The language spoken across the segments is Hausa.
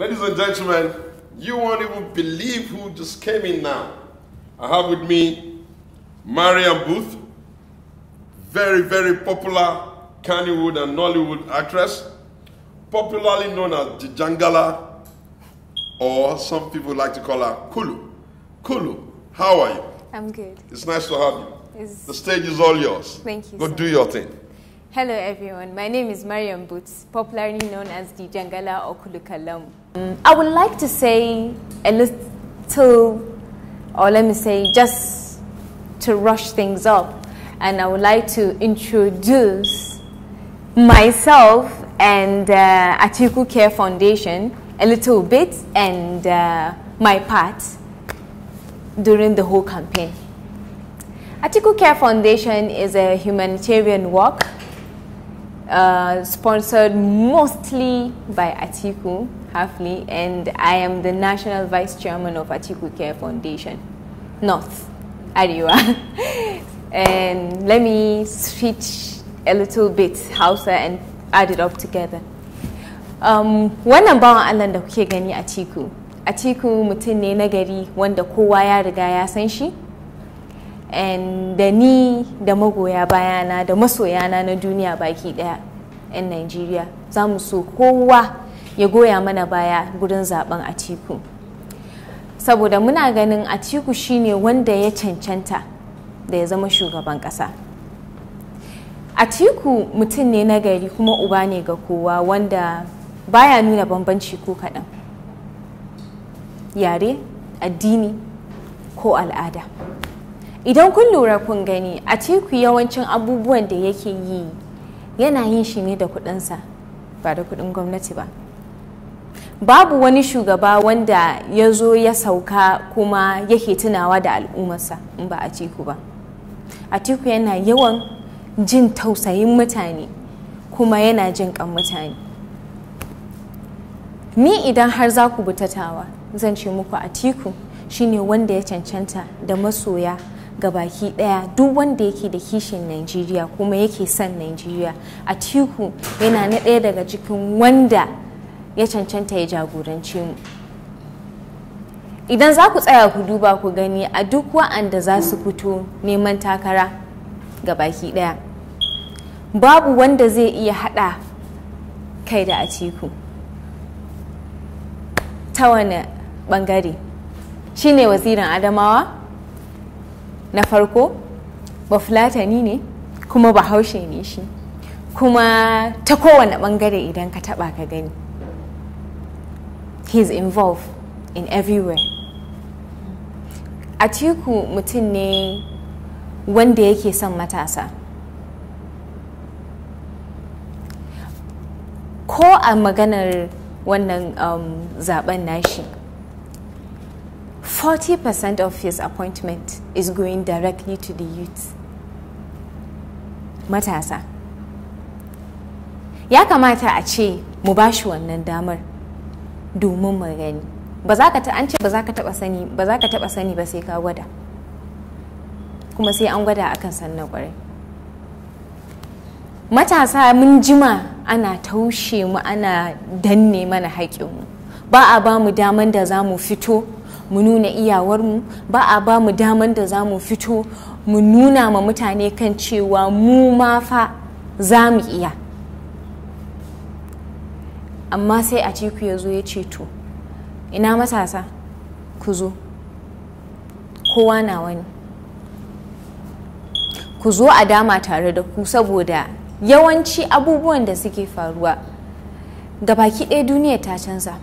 Ladies and gentlemen, you won't even believe who just came in now. I have with me Marian Booth, very, very popular Kannywood and Nollywood actress, popularly known as Jangala, or some people like to call her Kulu. Kulu, how are you? I'm good. It's nice to have you. It's... The stage is all yours. Thank you. Go do your thing. Hello everyone, my name is Mariam Boots, popularly known as the Jangala Okulukalamu. Mm, I would like to say a little, or let me say, just to rush things up, and I would like to introduce myself and uh, Atiku Care Foundation a little bit and uh, my part during the whole campaign. Atiku Care Foundation is a humanitarian work uh, sponsored mostly by Atiku Halfley, and I am the National Vice Chairman of Atiku Care Foundation, North Ariwa. and let me switch a little bit Hausa and add it up together. Um, wannan bawan Allah da gani Atiku, Atiku mutum ne na wanda kowa ya riga ya san shi. and da ni da magoya bayana da masoyana na duniya baki daya 'yan Najeriya za mu so kowa ya goya mana baya gurin zaben Atiku saboda muna ganin Atiku shine wanda ya cancanta da ya zama shugaban kasa Atiku mutum ne na gari kuma uba ne ga kowa wanda baya nuna bambanci ko kaɗan yare addini ko al'ada idan kun lura kun gani a tiku yawancin abubuwan da yake yi yana yin shi ne da kudinsa ba da kudin gwamnati ba babu wani shugaba wanda ya zo ya sauka kuma yake tunawa da al'ummarsa in ba a tiku ba a tiku yana yawan jin tausayin mutane kuma yana jin kan mutane ni idan har za ku butatawa zan ce muku a tiku shine wanda ya cancanta da masoya gabaki daya duk wanda yake da kishin Najeriya kuma yake son Najeriya tiku yana na ɗaya daga cikin wanda ya cancanta ya jagorance mu idan za ku tsaya ku duba ku gani a duk wa'anda za su fito neman takara gabaki daya babu wanda zai iya hada kai da a Atiku ta wani bangare shine wazirin Adamawa na farko bafulatani ne kuma bahaushe ne shi kuma ta kowane bangare idan ka taba ka gani he's involved in everywhere atiku mutum ne wanda yake son matasa ko a maganar wannan um, zaben nashi 40% of his appointment is going directly to the youth. Matasa. Ya kamata a ce mu ba shi wannan damar domin mu gani. Ba za ka ta an ce ba za ka taba sani ba za ka taba sani ba sai ka gwada. Kuma sai an gwada akan sannan kwarai. Matasa mun jima ana taushe mu ana danne mana haƙƙinmu. Ba a ba mu daman da za mu fito mu nuna iyawarmu ba a ba mu daman da za mu fito mu nuna ma mutane kan cewa mu ma fa za mu iya amma sai a ciku ya zo ya ce to ina matasa ku zo kowa na wani ku zo a dama tare da ku saboda yawanci abubuwan da suke faruwa gabaki ɗaya duniya ta canza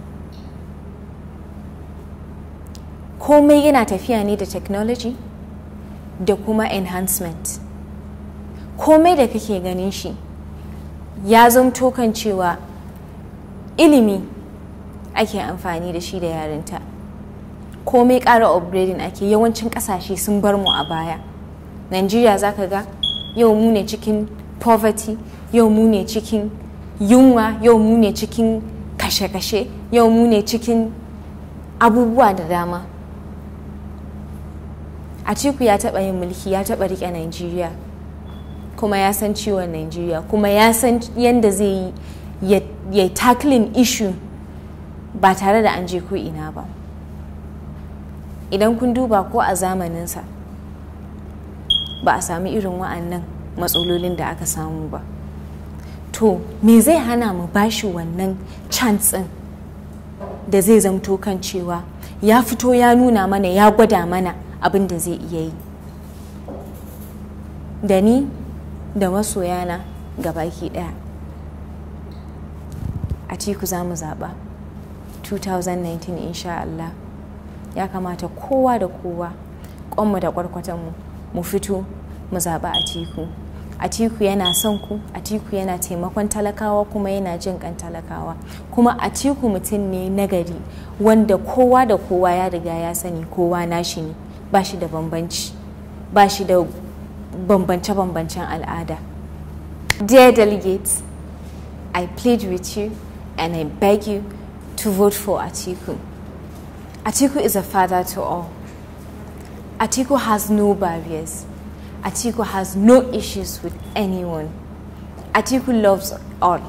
komai yana tafiya ne da technology da kuma enhancement komai da kake ganin shi ya zamto kan cewa ilimi ake amfani da shi da yarinta komai ƙara upgrading ake yawancin ƙasashe sun bar mu a baya najeriya za ka ga yau mu ne cikin poverty yau mu ne cikin yunwa yau mu ne cikin kashe-kashe yau mu ne cikin abubuwa da dama Atiku ya taɓa yin mulki ya taɓa rike Najeriya kuma ya san ciwon Najeriya kuma ya san yadda zai yi ya tackling issue ba tare da an je ko ina ba idan kun duba ko a zamaninsa ba a sami irin wa'annan matsalolin da aka samu ba to me zai hana mu bashi wannan chance da zai zamto kan cewa ya fito ya nuna mana ya gwada mana abin da zai iya yi da ni da masoyana baki daya a ciku za mu zaɓa 2019 sha Allah ya kamata kowa da kowa ƙwanmu da ƙwarƙwatanmu mu fito mu zaba a ciku Atiku yana son ku, a Atiku yana taimakon talakawa kuma yana jin kan talakawa. Kuma a Atiku mutum ne nagari wanda kowa da kowa ya riga ya sani kowa nashi ne. da bambanci da bambance-bambancen al'ada dear delegates i plead with you and i beg you to vote for atiku atiku is a father to all atiku has no barriers atiku has no issues with anyone atiku loves all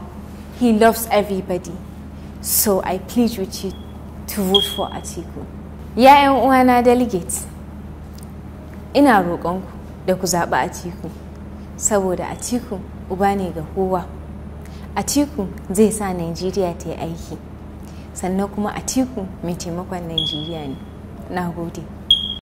he loves everybody so i plead with you to vote for atiku yeah, and delegates. ina roƙonku da ku zaɓi atiku saboda atiku uba ne ga kowa atiku zai sa najeriya ta yi aiki sannan kuma atiku mai taimakon najeriya ne na gode